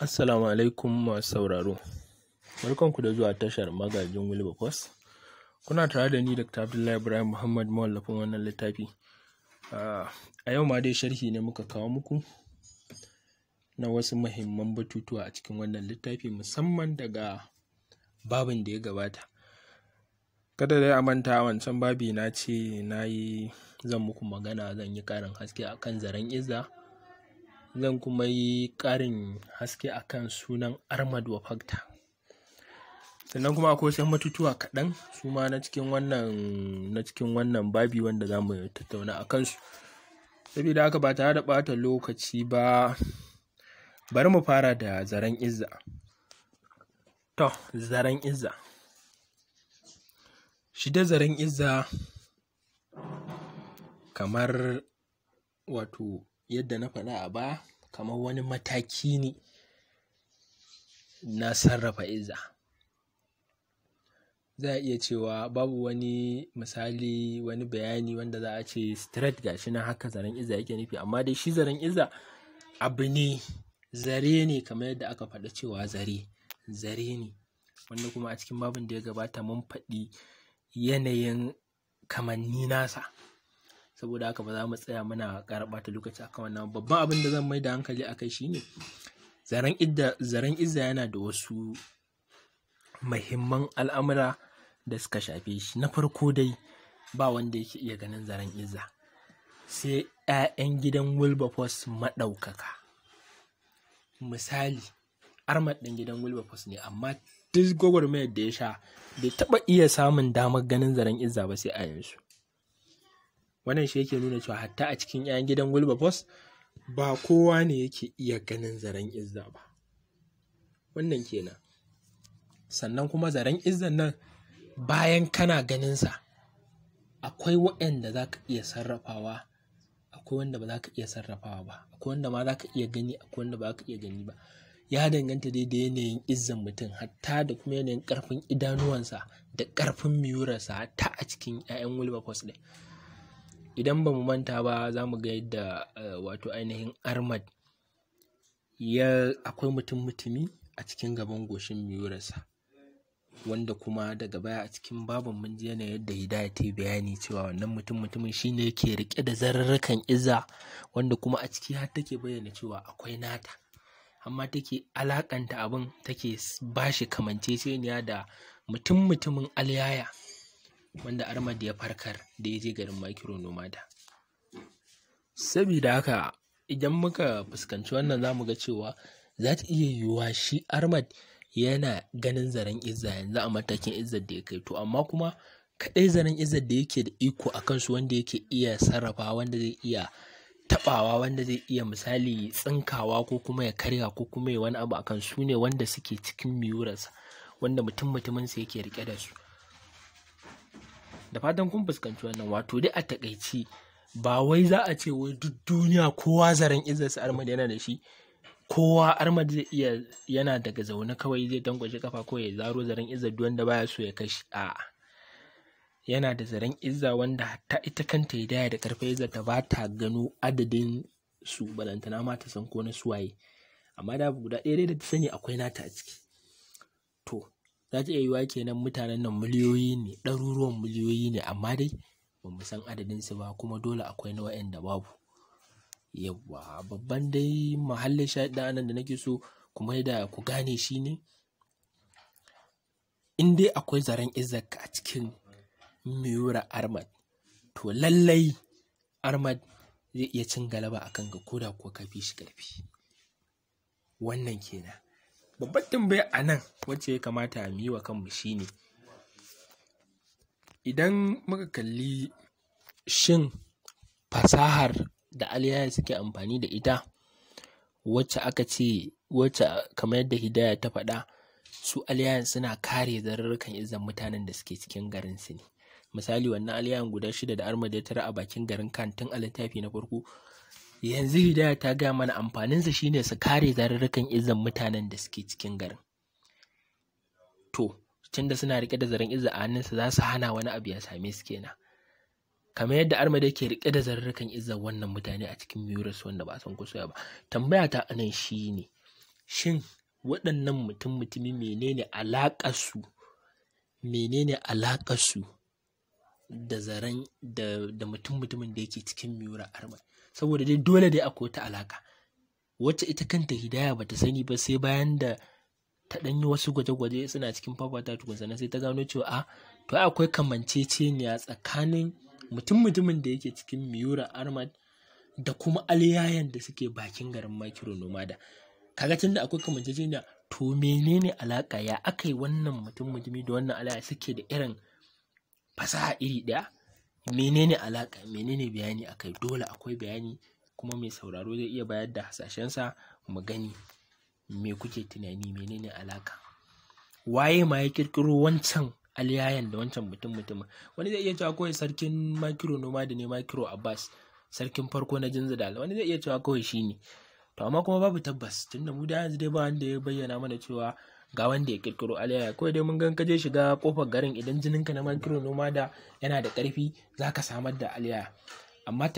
Assalamu alaikum masu sauraro. Barkanku da zuwa tashar magajin Wilberforce. Kuna tare da ni Dr. Abdullahi Ibrahim Muhammad mawallafin wannan littafi. Ah, a yau ma dai sharhi ne muka kawo muku na wasu mahimman batutuwa a cikin wannan littafi musamman daga babin da ya gabata. Kada dai a manta wancan babi na ce na yi zan muku magana zan yi ƙarin haske a kan zaren iza zan kuma yi ƙarin haske akan sunan armad wa fakta sannan kuma akwai wasu matutuwa kaɗan su ma na cikin wannan babi wanda za mu tattauna a kansu saboda haka ba tare da ɓata lokaci ba bari mu fara da zaren izza to zaren izza shi da zaren izza kamar wato yadda na faɗa a baya kamar wani mataki ne na sarrafa iza za a iya cewa babu wani misali wani bayani wanda za a ce straight shi na haka zaren iza yake nufi amma dai shi zaren iza abu ne zare ne kamar yadda aka faɗa cewa zare zare ne wanda kuma a cikin babin da ya gabata mun faɗi yanayin kamanni nasa saboda haka ba za mu tsaya muna ƙara ɓata lokaci akan wannan babban abin da zan mai da hankali a kai shine zaren zaren izza yana da wasu muhimman al'amura da suka shafe shi na farko dai ba wanda yake iya ganin zaren izza sai 'ya'yan gidan wilberforce maɗaukaka misali armad ɗin gidan wilberforce ne amma duk gwagwarmayar da ya sha bai taɓa iya samun damar ganin zaren izza ba sai a yanzu wannan shi yake nuna cewa hatta a cikin 'ya'yan gidan wilberforce ba kowa ne yake iya ganin zaren izza ba wannan kenan sannan kuma zaren izzan nan bayan kana ganinsa akwai waɗanda za ka iya sarrafawa akwai wanda ba za ka iya sarrafawa ba akwai wanda ma za ka iya gani akwai wanda ba za ka iya gani ba ya danganta dai da yanayin izzan mutum hatta da kuma yanayin ƙarfin idanuwansa da ƙarfin miyurarsa hatta a cikin 'ya'yan wilberforce ɗin idan ba mu manta ba za mu ga yadda eh, wato ainihin armad ya akwai mutum mutumi a cikin gaban goshin miyurarsa wanda kuma daga baya a cikin babin mun ji yana yadda hidaya ta bayani cewa wannan mutum mutumin shine yake rike da zararrakan iza wanda kuma a ciki har take bayyana cewa akwai nata amma take alakanta abin take bashi kamanceceniya da mutum mutumin alyaya wanda Ahmad ya farkar da ya je garin micro Nomada. saboda haka idan muka fuskanci wannan za mu ga cewa za ta iya yiwuwa shi Ahmad yana ganin zaren Izza yanzu a matakin Izzar da ya kai to amma kuma kaɗai zaren Izzar da yake da iko a kansu wanda yake iya sarrafa wanda zai iya taɓawa wanda zai iya misali tsinkawa ko kuma ya karya ko kuma ya wani abu akan su ne wanda suke cikin miyurarsa wanda mutum mutuminsa yake rike da su da fatan kun fuskanci wannan wato dai a takaici ba wai za a ce wai duk duniya kowa zaren su armad yana da shi kowa armad zai iya yana daga zaune kawai zai dangwaje kafa ko ya zaro zaren izar duk wanda baya so ya kashi a yana da zaren izza wanda ta ita kanta daya da karfe izza ta ba ta gano adadin su balantana ma ta san ko na suwaye amma da guda ɗaya da ta sani akwai nata a ciki to za ta iya yiwuwa kenan mutanen nan miliyoyi ne ɗaruruwan miliyoyi ne amma dai ba mu san su ba kuma dole akwai na da babu yawwa babban dai mahallin shahid ɗin anan da nake so kuma da ku gane shi ne in dai akwai zaren izzak a cikin miura armad to lallai armad zai iya cin galaba a kanka ko da kuwa kafi shi karfi wannan kenan babban tambaya a nan wacce ya kamata mu yi wa kanmu shine idan muka kalli shin fasahar da aliyaya suke amfani da ita wacce aka ce wacce kamar yadda hidaya ta faɗa su aliyayan suna kare zarurrukan izan mutanen da suke cikin garin su ne misali wannan aliyayan guda shida da armada ya tara a bakin garin Kantin tun a littafi na farko yanzu hidaya ta gaya mana amfaninsa shine su kare zarurrukan izan mutanen da suke cikin garin to da suna rike da zaren izan a hannunsa za su hana wani abu ya same su kenan kamar yadda armada ke rike da zarurrukan izan wannan mutane a cikin virus wanda ba san kusa ba tambaya ta anan shine shin waɗannan mutum mutumi menene alaƙarsu menene alaƙarsu da zaren da mutum mutumin da yake cikin miura armada saboda dai dole dai akwai wata alaka wacce ita kanta hidaya bata sani ba sai bayan da ta ɗanyi wasu gwaje-gwaje suna cikin fafata tukunsa na sai ta gano cewa a ah, to akwai kamanceceniya tsakanin mutum mutumin da yake cikin miura armad da kuma aliyayen da suke bakin garin makiro nomada kaga tun da akwai kamanceceniya to menene alaka ya aka yi wannan mutum mutumi da wannan alaya suke da irin fasaha iri ɗaya menene alaƙa menene bayani akai dole akwai bayani kuma mai sauraro zai iya bayar da hasashensa mu gani me kuke tunani menene alaƙa waye ma ya ƙirƙiro wancan alyayan da wancan mutum mutumin wani zai iya cewa kawai sarkin makiro noma da ne makiro abbas sarkin farko na da wani zai iya cewa kawai shine to amma kuma babu tabbas tunda mu da yanzu dai ba wanda ya bayyana mana cewa ga wanda ya kirkiro alayya, kawai dai mun gan ka je shiga kofar garin idan jinin ka na makiro noma da yana da ƙarfi zaka samar da alayya. amma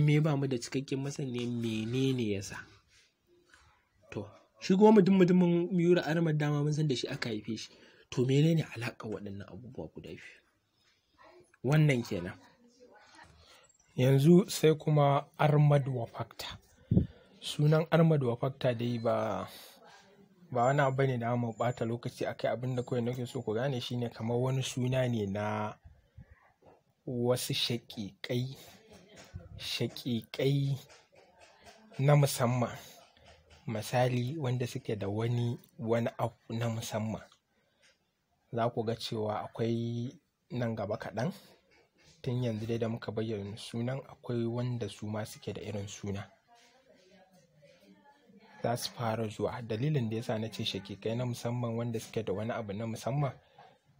me ba mu da cikakken masanin menene yasa to shi kuma mutum mutumin miyura armar dama mun san da shi aka haife shi to menene alaƙa waɗannan abubuwa guda biyu wannan kenan yanzu sai kuma armad wa factor sunan armad wa factor dai ba ba wani abu ne da mu ɓata lokaci akai abin da kawai nake so ku gane shine kamar wani suna ne na wasu shaƙiƙai shaƙiƙai na musamman misali wanda suke da wani wani abu na musamman za ku ga cewa akwai nan gaba kaɗan tun yanzu dai da muka bayyana sunan akwai wanda su ma suke da irin suna za su fara zuwa dalilin da yasa na ce shakikai na musamman wanda suke da wani abu na musamman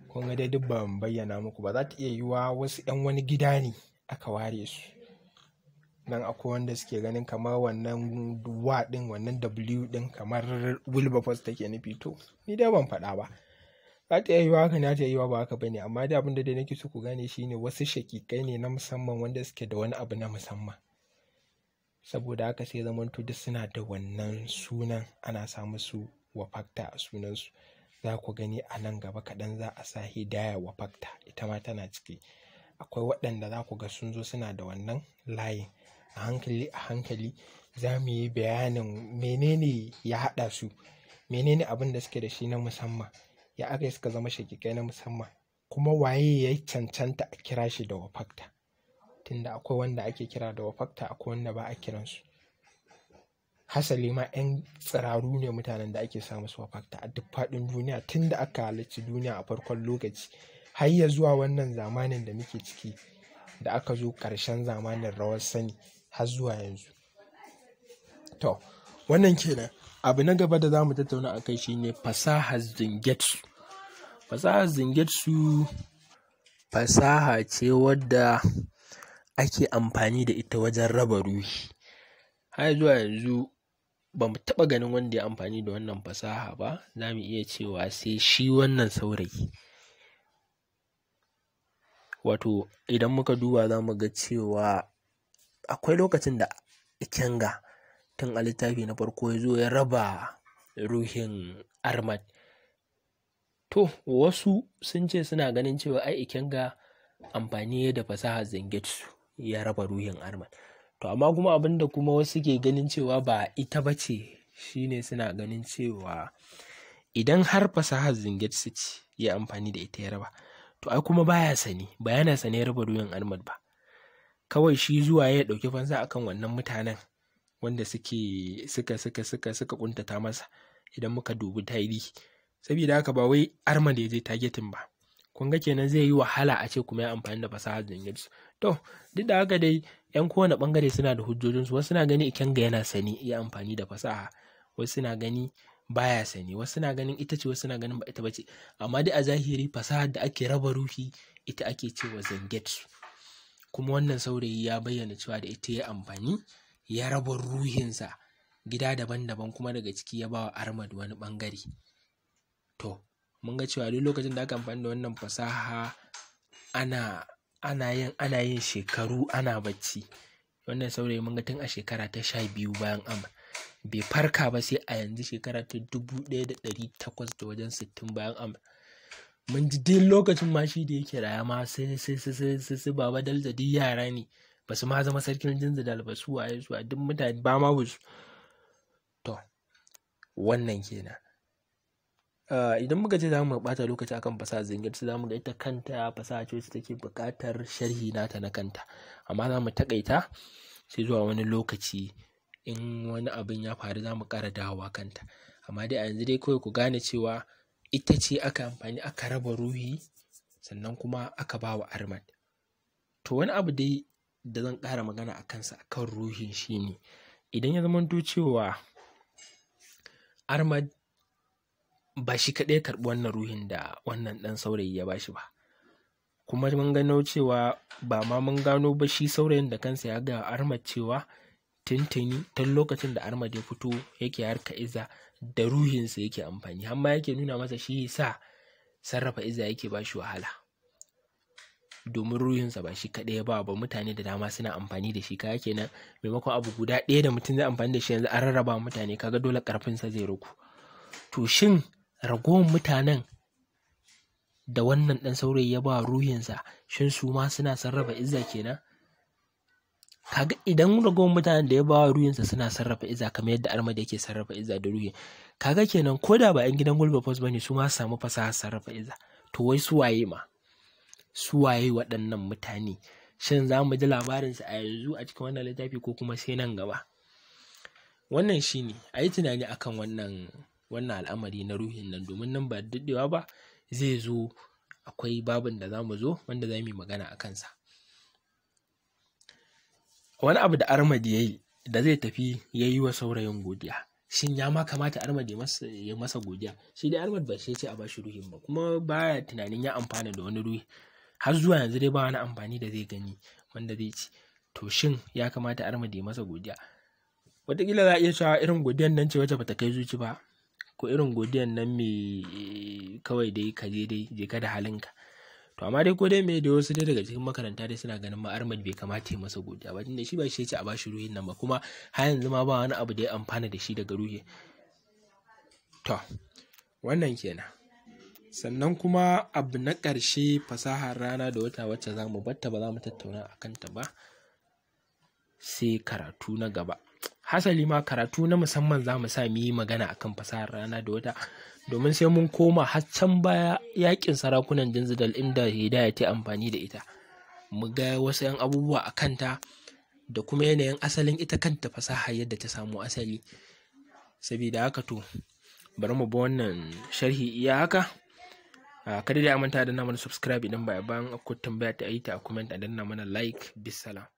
kun ga dai duk ban bayyana muku ba za ta iya yiwuwa wasu 'yan wani gida ne aka ware su dan akwai wanda suke ganin kamar wannan wa din wannan w din kamar wilberforce take nufi to ni dai ban faɗa ba za ta iya yiwuwa haka na ta yiwuwa ba haka bane amma dai abin da dai nake so ku gane shine wasu shakikai ne na musamman wanda suke da wani abu na musamman saboda haka sai zamanto duk suna da wannan sunan ana sa musu wafakta a sunansu za ku gani a nan gaba kaɗan za a sa hidaya wafakta ita ma tana ciki akwai waɗanda za ku ga sun zo suna da wannan layin a hankali a hankali za mu yi bayanin menene ya haɗa su menene abin da suke da shi na musamman ya aka suka zama shakikai na musamman kuma waye ya cancanta a kira shi da wafakta tunda akwai wanda ake kira da wafakta akwai wanda ba a kiransu hasali ma 'yan tsiraru ne mutanen da ake samu musu wafakta a duk faɗin duniya Tunda aka halarci duniya a farkon lokaci har ya zuwa wannan zamanin da muke ciki da aka zo ƙarshen zamanin rawar sani har zuwa yanzu to wannan kenan abu na gaba da za mu tattauna a kai shine fasahar zingetsu fasahar zingetsu fasaha ce wadda ake amfani da ita wajen raba ruhi har zuwa yanzu ba mu taɓa ganin wanda ya amfani da wannan fasaha ba za mu iya cewa sai shi wannan saurayi wato idan muka duba za mu ga cewa akwai lokacin da ikenga tun a littafi na farko ya zo ya raba ruhin armad to wasu sun ce suna ganin cewa ai ikenga amfani da fasaha zangetsu ya raba ruhin arman to amma kuma abin da kuma wasu ke ganin cewa ba ita ba ce shine suna ganin cewa idan har fasahar zingit suci ya amfani da ita ya raba to ai kuma baya sani ba yana sane ya raba ruhin armad ba kawai shi zuwa ya ɗauki fansa akan wannan mutanen wanda suke suka suka suka suka kuntata masa idan muka dubi tarihi saboda haka ba wai armad ya je targetin ba kun ga kenan zai yi wahala a ce kuma ya amfani da fasahar zingit to duk da haka dai yan kowane bangare suna da hujjojinsu wasu na gani ga yana sani iya amfani da fasaha wasu na gani baya sani wasu na ganin ita ce wasu na ganin ba ita bace amma dai a zahiri fasaha da ake raba ruhi ita ake cewa zanget kuma wannan saurayi ya bayyana cewa da ita ya amfani ya raba ruhinsa gida daban-daban kuma daga ciki ya bawa armad wani bangare to mun ga cewa duk lokacin da aka amfani da wannan fasaha ana ana yin ana yin shekaru ana bacci wannan saurayi mun ga tun a shekara ta sha biyu bayan amma bai farka ba sai a yanzu shekara ta dubu ɗaya da ɗari takwas da wajen sittin bayan amma mun ji duk lokacin ma shi da yake raya ma sai sai sai sai sai baba dalda duk yara ne ba su ma zama sarkin jinzi da albasu waye su a duk mutane ba ma wasu to wannan kenan Eh, idan muka ce za mu bata lokaci akan fasaha zingir su zamu ga ita kanta fasaha ce wacce take buƙatar sharhi nata na kanta amma za mu taƙaita sai zuwa wani lokaci in wani abin ya faru za mu ƙara dawowa kanta amma dai a yanzu dai kawai ku gane cewa ita ce aka amfani aka raba ruhi sannan kuma aka ba wa armad to wani abu dai da zan ƙara magana a kansa akan ruhin shi ne idan ya zamanto cewa armad ba shi kaɗai karɓi wannan ruhin da wannan ɗan saurayi ya bashi ba kuma mun gano cewa ba ma mun gano ba shi saurayin da kansa ya ga armad cewa tintini tun lokacin da armad ya fito yake harka iza da ruhinsa yake amfani Amma ma yake nuna masa shi sa sarrafa iza yake ba shi wahala domin ruhinsa ba shi kaɗai ya ba ba mutane da dama suna amfani da shi kaya kenan maimakon abu guda ɗaya da mutum zai amfani da shi yanzu an rarraba mutane kaga dole ƙarfinsa zai ruku to shin ragowar mutanen da wannan ɗan saurayi ya ba ruhinsa shin su ma suna sarrafa izza kenan kaga idan ragowar mutanen da ya ba ruhinsa suna sarrafa izza kamar yadda armad yake sarrafa izza da ruhi kaga kenan ko da ba 'yan gidan wilberforce bane su ma su samu fasaha sarrafa izza to wai su waye ma su waye waɗannan mutane shin za mu ji labarinsa a yanzu a cikin wannan littafi ko kuma sai nan gaba wannan shine a yi tunani akan wannan wannan al'amari na ruhin nan domin nan ba daɗewa ba zai zo akwai babin da za mu zo wanda za mu yi magana a kansa wani abu da armadi ya yi da zai tafi ya yi wa saurayin godiya shin ya ma kamata armadi ya masa godiya shi dai armadi ba shi ce a bashi ruhin ba kuma baya tunanin ya amfana da wani ruhi har zuwa yanzu dai ba wani amfani da zai gani wanda zai ci to shin ya kamata armad ya masa godiya wataƙila za a iya cewa irin godiyan nan ce wacce bata kai zuci ba ko irin godiyan nan me kawai dai ka je dai je ka da halinka to amma dai ko dai me da wasu dai daga cikin makaranta dai suna ganin ma Ahmad bai kamata ya masa godiya ba tunda shi ba shi ya ce a bashi ruhin nan ba kuma har yanzu ma ba wani abu da ya amfana da shi daga ruhi to wannan kenan sannan kuma abu na ƙarshe fasahar rana da wata wacce za mu batta ba za mu tattauna a kanta ba sai karatu na gaba hasali ma karatu na musamman za mu sa mu yi magana akan fasahar rana da wata domin sai mun koma har baya yakin sarakunan dinzidal inda hidaya ta amfani da ita mu ga wasu 'yan abubuwa a kanta da kuma yanayin asalin ita kanta fasaha yadda ta samu asali sabida haka to bari mu bi wannan sharhi iya haka ah, kada da manta da na subscribe idan ba bayan akwai tambaya ta yi ta a comment a danna mana like bisalam